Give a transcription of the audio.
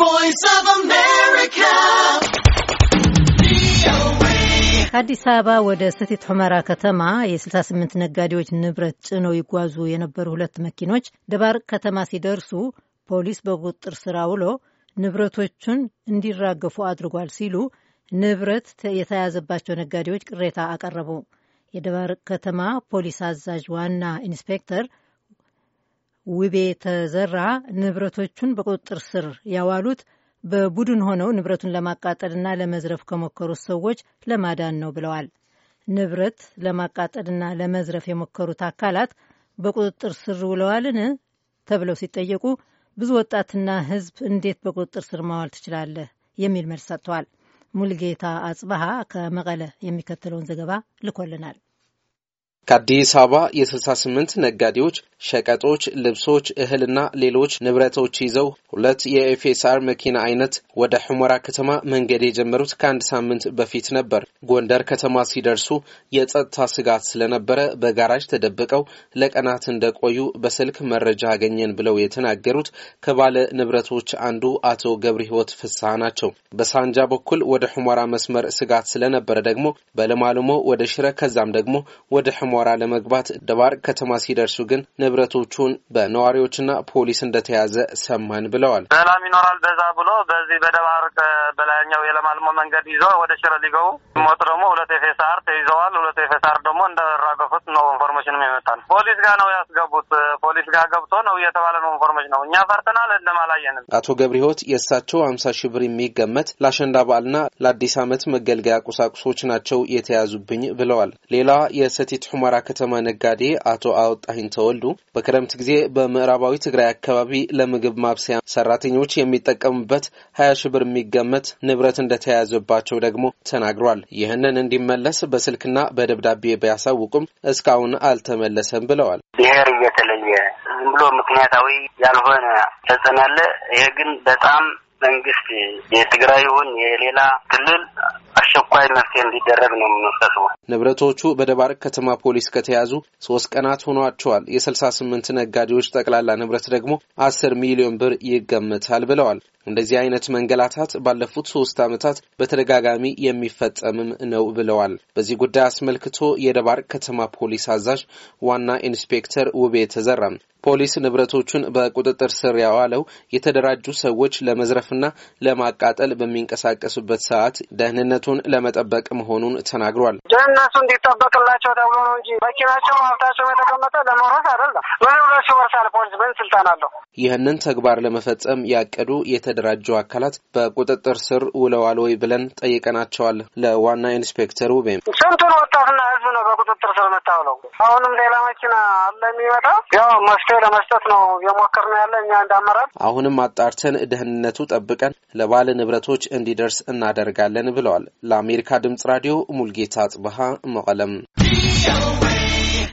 voice of America. ከአዲስ አበባ ወደ ሰቲት ሑመራ ከተማ የ68 ነጋዴዎች ንብረት ጭነው ይጓዙ የነበሩ ሁለት መኪኖች ደባርቅ ከተማ ሲደርሱ ፖሊስ በቁጥጥር ስር ውሎ ንብረቶቹን እንዲራገፉ አድርጓል ሲሉ ንብረት የተያዘባቸው ነጋዴዎች ቅሬታ አቀረቡ። የደባርቅ ከተማ ፖሊስ አዛዥ ዋና ኢንስፔክተር ውቤ ተዘራ ንብረቶቹን በቁጥጥር ስር ያዋሉት በቡድን ሆነው ንብረቱን ለማቃጠልና ለመዝረፍ ከሞከሩት ሰዎች ለማዳን ነው ብለዋል። ንብረት ለማቃጠልና ለመዝረፍ የሞከሩት አካላት በቁጥጥር ስር ውለዋልን ተብለው ሲጠየቁ ብዙ ወጣትና ሕዝብ እንዴት በቁጥጥር ስር ማዋል ትችላለህ የሚል መልስ ሰጥተዋል። ሙልጌታ አጽበሃ ከመቀለ የሚከተለውን ዘገባ ልኮልናል። ከአዲስ አበባ የ ስምንት ነጋዴዎች ሸቀጦች፣ ልብሶች፣ እህልና ሌሎች ንብረቶች ይዘው ሁለት የኤፍኤስአር መኪና አይነት ወደ ሑመራ ከተማ መንገድ የጀመሩት ከአንድ ሳምንት በፊት ነበር። ጎንደር ከተማ ሲደርሱ የጸጥታ ስጋት ስለነበረ በጋራጅ ተደብቀው ለቀናት እንደቆዩ በስልክ መረጃ አገኘን ብለው የተናገሩት ከባለ ንብረቶች አንዱ አቶ ገብረ ሕይወት ፍስሐ ናቸው። በሳንጃ በኩል ወደ ሑመራ መስመር ስጋት ስለነበረ ደግሞ በለማልሞ ወደ ሽረ ከዛም ደግሞ ወደ ሑመራ አስመራ ለመግባት ደባር ከተማ ሲደርሱ ግን ንብረቶቹን በነዋሪዎችና ፖሊስ እንደተያዘ ሰማን ብለዋል። ሰላም ይኖራል በዛ ብሎ በዚህ በደባር በላይኛው የለማልሞ መንገድ ይዞ ወደ ሽረ ሊገቡ ሞት ደግሞ ሁለት ኤፌሳር ተይዘዋል። ሁለት ኤፌሳር ደግሞ እንደራገፉት ነው ኢንፎርሜሽንም ይመጣል ፖሊስ ጋር ነው ያስገ ጋር ገብቶ ነው እየተባለ ነው ኢንፎርሜሽን ነው። እኛ ፈርተናል እንደማላየንም። አቶ ገብረ ህይወት የእሳቸው አምሳ ሺህ ብር የሚገመት ለአሸንዳ በዓልና ለአዲስ ዓመት መገልገያ ቁሳቁሶች ናቸው የተያዙብኝ ብለዋል። ሌላ የሰቲት ሑመራ ከተማ ነጋዴ አቶ አወጣሂን ተወልዱ በክረምት ጊዜ በምዕራባዊ ትግራይ አካባቢ ለምግብ ማብሰያ ሰራተኞች የሚጠቀሙበት ሀያ ሺህ ብር የሚገመት ንብረት እንደተያያዘባቸው ደግሞ ተናግሯል። ይህንን እንዲመለስ በስልክና በደብዳቤ ቢያሳውቁም እስካሁን አልተመለሰም ብለዋል። ከብሔር እየተለየ ዝም ብሎ ምክንያታዊ ያልሆነ ተጽዕኖ አለ። ይሄ ግን በጣም መንግስት የትግራይ ይሁን የሌላ ክልል አስቸኳይ መፍትሄ እንዲደረግ ነው የምንወሰስበ። ንብረቶቹ በደባርቅ ከተማ ፖሊስ ከተያዙ ሶስት ቀናት ሆኗቸዋል። የስልሳ ስምንት ነጋዴዎች ጠቅላላ ንብረት ደግሞ አስር ሚሊዮን ብር ይገመታል ብለዋል እንደዚህ አይነት መንገላታት ባለፉት ሶስት ዓመታት በተደጋጋሚ የሚፈጸምም ነው ብለዋል። በዚህ ጉዳይ አስመልክቶ የደባርቅ ከተማ ፖሊስ አዛዥ ዋና ኢንስፔክተር ውቤ ተዘራም ፖሊስ ንብረቶቹን በቁጥጥር ስር ያዋለው የተደራጁ ሰዎች ለመዝረፍና ለማቃጠል በሚንቀሳቀሱበት ሰዓት ደህንነቱን ለመጠበቅ መሆኑን ተናግሯል። ደህንነቱ እንዲጠበቅላቸው ተብሎ ነው እንጂ መኪናቸው ሀብታቸው የተቀመጠ ለመውረስ አይደለም። ምን ብሎ ፖሊስ ምን ስልጣን አለው? ይህንን ተግባር ለመፈጸም ያቀዱ የተ የተደራጁ አካላት በቁጥጥር ስር ውለዋል ወይ ብለን ጠይቀናቸዋል። ለዋና ኢንስፔክተር ውቤ ስንቱን ወጣትና ህዝብ ነው በቁጥጥር ስር መታው አሁንም ሌላ መኪና አለ የሚመጣ ያው መፍትሄ ለመስጠት ነው የሞከር ነው ያለ እኛ እንዳመራር። አሁንም አጣርተን ደህንነቱ ጠብቀን ለባለ ንብረቶች እንዲደርስ እናደርጋለን ብለዋል። ለአሜሪካ ድምጽ ራዲዮ ሙልጌታ ጽብሃ መቀለም